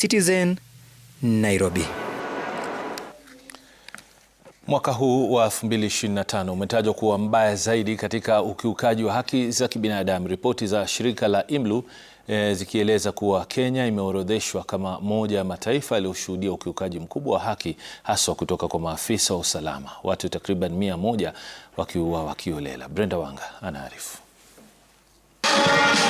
Citizen Nairobi. Mwaka huu wa 2025 umetajwa kuwa mbaya zaidi katika ukiukaji wa haki za kibinadamu, ripoti za shirika la IMLU e, zikieleza kuwa Kenya imeorodheshwa kama moja ya mataifa yaliyoshuhudia ukiukaji mkubwa wa haki haswa kutoka kwa maafisa wa usalama, watu takriban mia moja wakiuawa wakiolela. Brenda Wanga anaarifu.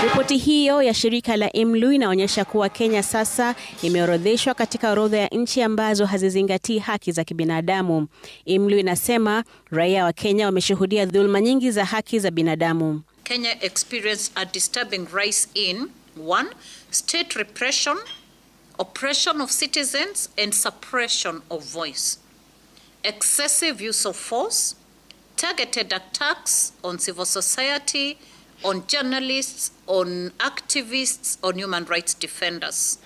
Ripoti hiyo ya shirika la IMLU inaonyesha kuwa Kenya sasa imeorodheshwa katika orodha ya nchi ambazo hazizingatii haki za kibinadamu. IMLU inasema raia wa Kenya wameshuhudia dhuluma nyingi za haki za binadamu. Kenya experienced a disturbing rise in one, state repression, oppression of citizens and suppression of voice. Excessive use of force, targeted attacks on civil society on journalists, on activists, on human rights defenders.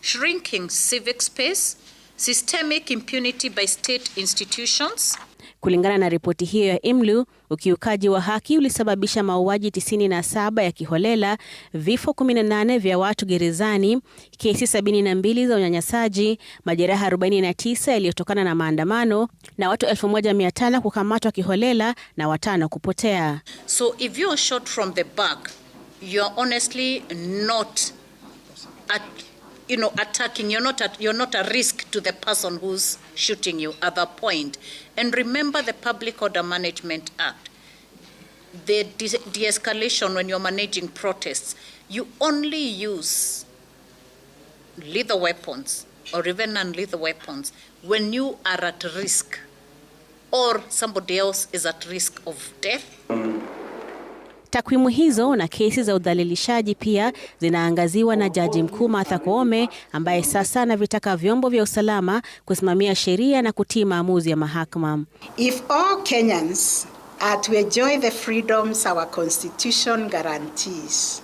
Shrinking civic space systemic impunity by state institutions. Kulingana na ripoti hiyo ya IMLU, ukiukaji wa haki ulisababisha mauaji 97 ya kiholela, vifo 18 vya watu gerezani, kesi 72 za unyanyasaji, majeraha 49 yaliyotokana na maandamano na watu 1500 kukamatwa kiholela na watano kupotea. So if you are shot from the back, you are honestly not at you know, attacking. You're not, at, you're not a risk to the person who's shooting you at that point. And remember the Public Order Management Act. The de escalation when you're managing protests, you only use lethal weapons or even non lethal weapons when you are at risk or somebody else is at risk of death. Takwimu hizo na kesi za udhalilishaji pia zinaangaziwa na Jaji Mkuu Martha Koome ambaye sasa anavitaka vyombo vya usalama kusimamia sheria na kutii maamuzi ya mahakama. If all Kenyans are to enjoy the freedoms our constitution guarantees,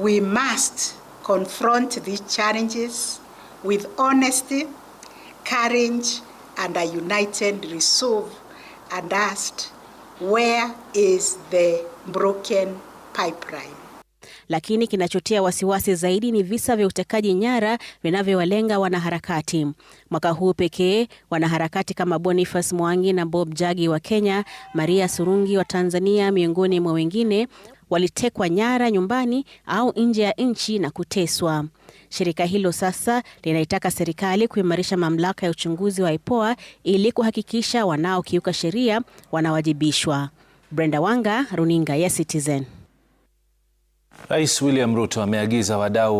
we must confront these challenges with honesty, courage and a united resolve and asked Where is the broken pipeline? Lakini kinachotia wasiwasi zaidi ni visa vya utekaji nyara vinavyowalenga wanaharakati. Mwaka huu pekee wanaharakati kama Boniface Mwangi na Bob Jagi wa Kenya, Maria Surungi wa Tanzania, miongoni mwa wengine walitekwa nyara nyumbani au nje ya nchi na kuteswa. Shirika hilo sasa linaitaka serikali kuimarisha mamlaka ya uchunguzi wa IPOA ili kuhakikisha wanaokiuka sheria wanawajibishwa. Brenda Wanga, Runinga ya Citizen. Rais William Ruto ameagiza wadau